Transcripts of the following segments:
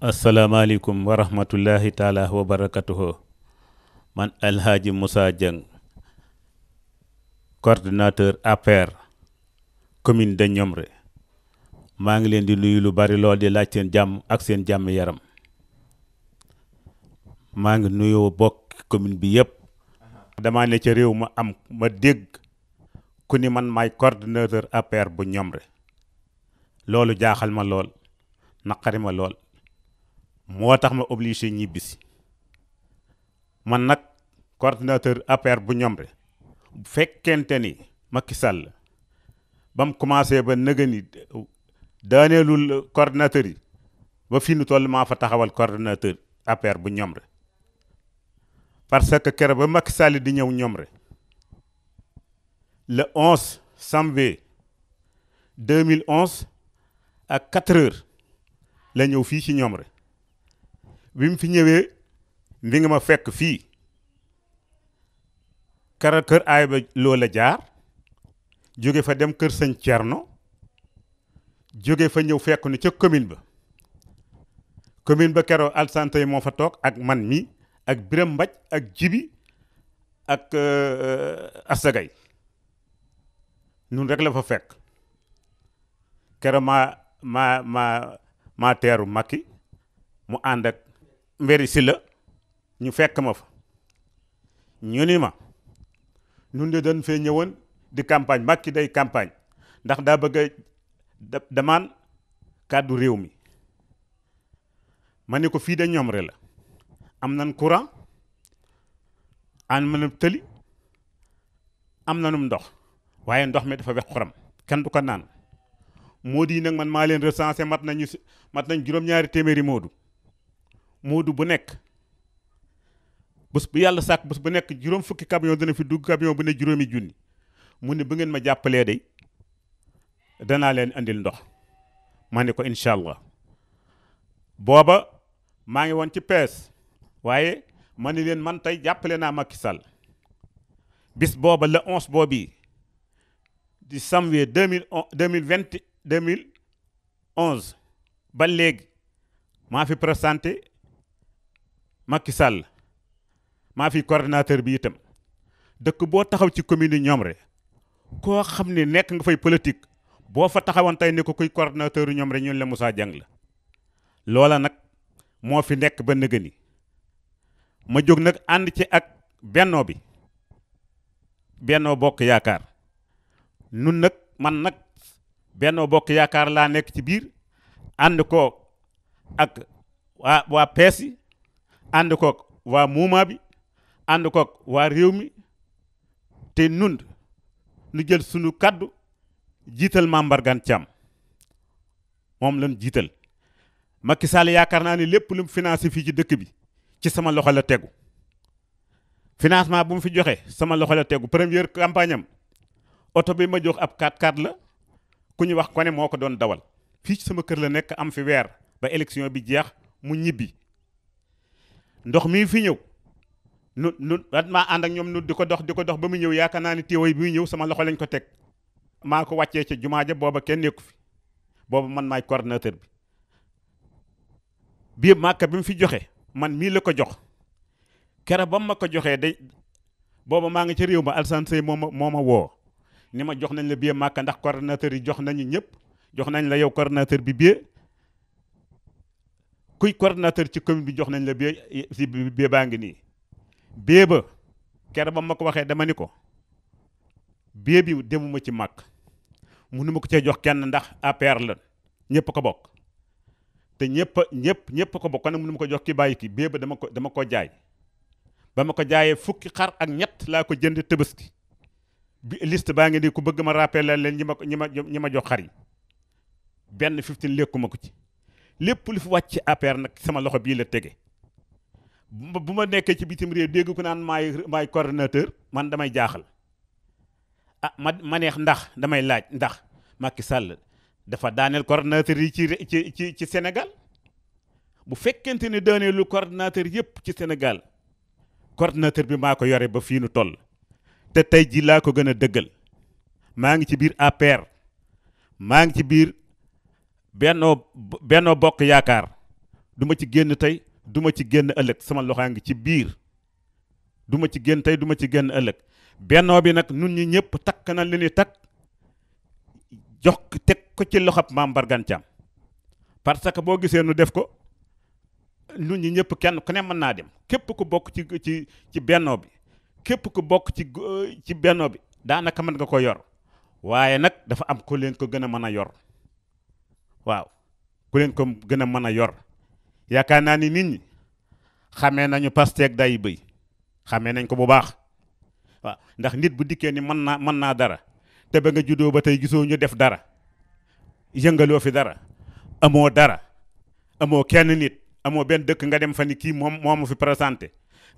asalaamaaleykum wa rahmatullahi taala wa man alhaaji Moussa Dieng coordinateur APR commune de Ñomre maa ngi leen di nuyu lu bari lool di laaj seen jàmm ak seen jàmm yaram maa ngi nuyu bokk commune bi yëpp damaa ne ca réew ma am ma dégg ku ni man maay coordinateur APR bu Ñomre loolu jaaxal ma lool naqari ma lool moo tax ma obligé ñibbisi man nag coordinateur APR bu ñomre bu fekkente ni Macky Sall ba mu commencé ba nëga ni daaneelul coordinateur yi ba fii nu toll maa fa taxawal koordinateur APR bu ñomre parce que kere ba Macky salli di ñëw ñomre le 11 janvier 2011 à 4 heures la ñëw fii ci ñomre bi mu fi ñëwee li nga ma fekk fii kara kër aay ba loola jaar jóge fa dem kër sëñ Cerno jóge fa ñëw fekk nu ca commune ba commune ba keroo alsantey moo fa toog ak man mi ak Biram Mbaj ak Jibi ak euh, euh, Asagay nun rek la fa fekk keroo maa maa maa maa teeru Makki mu ànd ak Mbéri Sylla ñu fekk ma fa ñu ni ma ñun de dañ fee ñëwoon di campagne Macky day campagne ndax daa bëgg a damaan kàddu réew mi ma ne ko fii de ñoom re la am nan courant am nanum tëli am nanum ndox waaye ndox mi dafa wex xorom kenn du ko naan moo di nag man maa leen recensé mat nañu mat nañ juróom-ñaari téeméeri moodu moodu bu nekk bés bu yàlla sàkk bés bu nekk juróom fukki camion dana fi dugg camion bu ne juróomi junni mu ne bu ngeen ma jàppalee day danaa leen andil ndox ma ne ko incha allah booba maa ngi wan ci pees waaye ma ni leen man tey jàppale naa Macky Sall bis booba la onze boobii di samwee deux mille on deux mille vingt deux mille onze ba léegi maa fi présenté Macky Sall maa fi coordinateur bi itam dëkk boo taxaw ci commune yi ñoom rek koo xam ne nekk nga fay politique boo fa taxawoon tey ne ko kuy coordinateur ñoom rek ñun la Moussa Dieng la loola nag moo fi nekk ba nëgëni ma jóg nag ànd ci ak bennoo bi bennoo bokk yaakaar nun nag man nag bennoo bokk yaakaar laa nekk ci biir ànd koo ak waa waa pees yi ànd koog waa muumaa bi ànd koog waa réew mi te nun nu jël sunu kàddu jiital Mame Mbargane Thiam moom lañ jiital Macky Sall yaakaar naa ne lépp lum finance financé fii ci dëkk bi ci sama loxo la tegu financement bu mu fi joxe sama loxo la tegu première campagne oto bi ma jox ab 4 x la ku ñu wax kone moo ko doon dawal fii ci sama kër la nekk am fi weer ba élection bi jeex mu ñibbi ndox mii fi ñëw nu nu at maa ànd ak ñoom nu di ko dox di ko dox ba mu ñëw yaakaar naa ni téeway bi ñëw sama loxo lañ ko teg maa ko wàccee ca jumaa ja booba kenn nekku fi booba man maay coordinateur bi bii màkka bi fi joxe man mii la ko jox kere ba ma ko joxee day booba maa ngi ci réew ma Alassane Seye moo ma moo ma woo ni ma jox nañ la bii màkka ndax coordinateur yi jox nañu ñëpp jox nañ la yow coordinateur bi bii kuy coordonnateur ci commune bi jox nañ la bee si bee baa ngi nii bee ba keroog ba ma ko waxee dama ni ko bee bi demuma ci màkk munu ma ko cee jox kenn ndax APR la ñëpp ko bokk te ñëpp ñëpp ñëpp ko bokk kon nag munu ma ko jox ki bàyyi ki bee ba dama ko dama ko jaay ba ma ko jaayee fukki xar ak ñett laa ko jënd Tabaski bi liste baa ngi nii ku bëgg ma rappelé leen ñi ma ñi ma ñi ma jox xar yi benn fifteen lekkuma ko ci lépp lu fi wàcc ci APR nag sama loxo bii la tege bu ma nekkee ci bitim réew dégg ko naan maay maay coordonnateur man damay jaaxal a ah, ma ma neex ndax damay laaj ndax Macky sàll dafa daaneel coordonnateur yi ci ci ci senegal bu fekkente ne daaneelu coordonnateur yëpp ci senegal coordonnateur bi maa ko yore ba fii nu toll te tey ji laa ko gën a dëggal maa ngi ci biir APR maa ngi ci biir bennoo bennoo bokk yaakaar duma ci génn tey duma ci génn ëllëg sama loxaa ngi ci biir duma ci génn tey duma ci génn ëllëg bennoo bi nag nun ñi ñëpp takk na li ni takk jox teg ko ci loxab maam Mbargane Thiam parce que boo gisee nu def ko nun ñi ñëpp kenn ku ne mën naa dem képp ko bokk ci ci bennoo bi képp ku bokk ci ci bennoo bi daanaka mën nga ko yor waaye nag dafa am ko leen ko gën a mën a yor waaw ku leen ko gën a mën a yor yaakaar naa ni nit ñi xamee nañu Pastef day bëy xamee nañ ko bu baax waaw ndax nit bu dikkee ni mën naa mën naa dara te ba nga juddoo ba tey gisoo ñu def dara yëngaloo fi dara amoo dara amoo kenn nit amoo benn dëkk nga dem fa ni kii moom moo ma fi présenté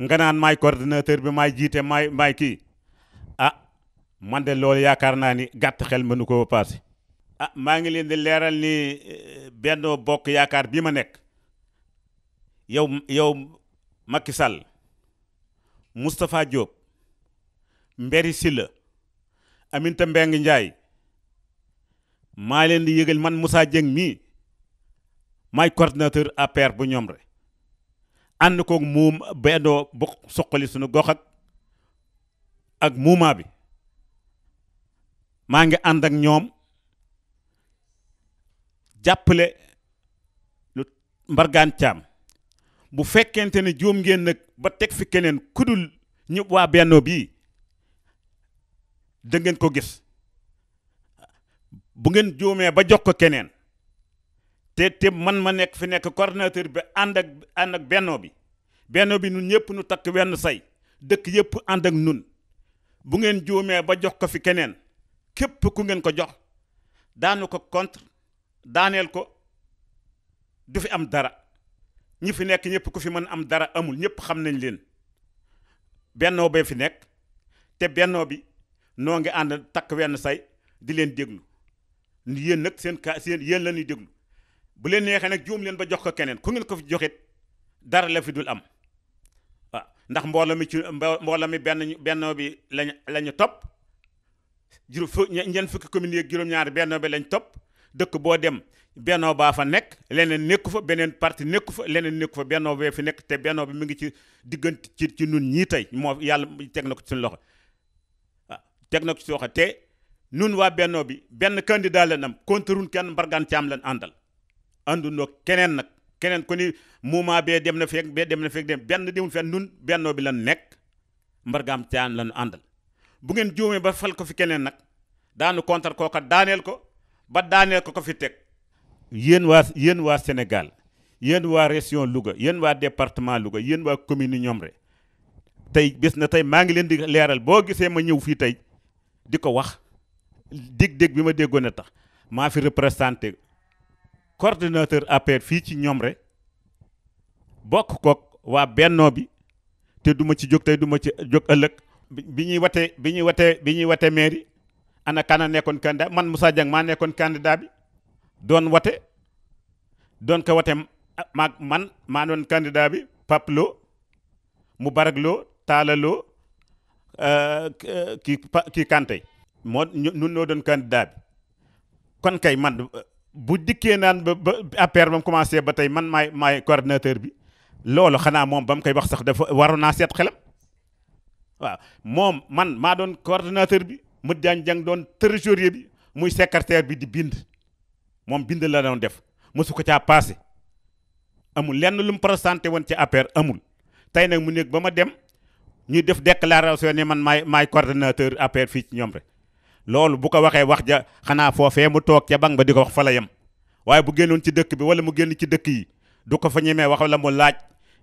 nga naan maay coordinateur bi maay jiite maay maay kii ah man de loolu yaakaar naa ni gàtt xel mënu ko passé ah maa ngi leen di leeral ni eh, benn bokk yaakaar bii ma nekk yow yow Macky Sall Moustapha Diop Mbéri Sylla Aminata Mbengue Ndiaye maa leen di yëgal man Moussa Dieng mii maay coordinateur APR bu ñoom rek ànd koog muum bennoo bu suqali suñu gox ak ak muumaa bi maa ngi ànd ak ñoom jàppale lu mbargaan caam bu fekkente ne juum ngeen nag ba teg fi keneen kudul ñu waa bennoo bii dangeen ko gis bu ngeen juumee ba jox ko keneen te te man ma nekk fi nekk coordinateur bi ànd ak ànd ak bennoo bi bennoo bi nun ñëpp nu takk wenn say dëkk yépp ànd ak nun bu ngeen juumee ba jox ko fi keneen képp ku ngeen ko jox daanu ko contre daaneel ko du fi am dara ñi fi nekk ñëpp ku fi mën am dara amul ñëpp xam nañ leen bennoo bee fi nekk te bennoo bi noo ngi ànd takk wenn say di leen déglu yéen nag seen ka seen yéen la ñuy déglu bu leen neexee nag juum leen ba jox ko keneen ku ngeen ko fi joxit dara la fi dul am waaw ndax mbooloo mi ci mboolam mi benn bennoo bi lañ la ñu topp juróom ñeent fukki communes yeeg juróom-ñaari bennoo bi lañ topp dëkk boo dem bennoo baa fa nekk leneen nekku fa beneen parti nekku fa leneen nekku fa bennoo fi nekk te bennoo bi mu ngi ci diggante ci ci nun ñii tey moo yàlla teg na ko ci loxo waaw teg na ko ci loxo te nun waa bennoo bi benn candidat leen am kontarun kenn mbargaan caam leen àndal àndunoo keneen nag keneen ku ni moment dem na feeg bee dem na feeg benn demul fenn nun bennoo bi lan nekk mbargaam caam lañu àndal bu ngeen juumee ba fal ko fi keneen nag daanu kontar kooka daaneel ko ba daaneel ko ko fi teg yéen waa yéen waa Sénégal yéen waa région Louga yéen waa département Louga yéen waa commune Ñomre tey bés na tey maa ngi leen di leeral boo gisee ma ñëw fii tey di ko wax dég-dég bi ma déggoon a tax maa fi représenté coordinateur APR fii ci Ñomre bokk kook waa bennoo bi te duma ci jóg tey ma ci jóg ëllëg bi ñuy watee bi ñuy watee bi ñuy watee mairie ana kana nekkoon candidat man Moussa Dieng maa nekkoon candidat bi doon wate doon ko wate maag man maa doon candidat bi Pape mu Moubarak Lo Talla Lo euh, kii kii Kanté moo nun noo doon candidat bi kon kay man bu dikkee naan ba ba affaire ba mu commencé ba tey man maay maay coordinateur bi loolu xanaa moom ba mu koy wax sax dafa waroon naa seet xelam moom man maa doon coordinateur bi mu jaan jang doon trésorier bi muy secrétaire bi di bind moom bind la doon def mosu ko caa passé amul lenn lu mu présenté woon ci APR amul tey nag mu nekk ba ma dem ñuy def déclaration ne man maay maay coordonnateur APR fii ci ñoom rek loolu bu ko waxee wax ja xanaa foofee mu toog ca bank ba di ko wax fa la yem waaye bu génnoon ci dëkk bi wala mu génn ci dëkk yi du ko fa ñemee wax wala mu laaj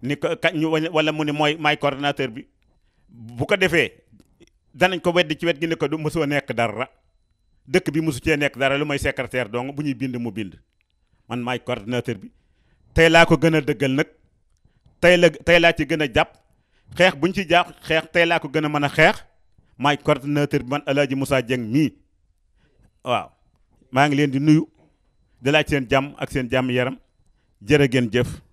ni ko kañ wala mu ne mooy maay coordonnateur bi bu ko defee danañ ko weddi ci wet gi ne ko du mosoo nekk dara dëkk bi mosu cee nekk dara lu may secrétaire dong bu ñuy bind mu bind man maay coordinateur bi tey laa ko gën a dëggal nag tey la tey laa ci gën a jàpp xeex buñ ci jàpp xeex tey laa ko gën a mën a xeex maay coordinateur bi man El Hadj Moussa Dieng mii waaw maa ngi leen di nuyu di laaj seen jàmm ak seen jàmm yaram jër a ngeen jëf.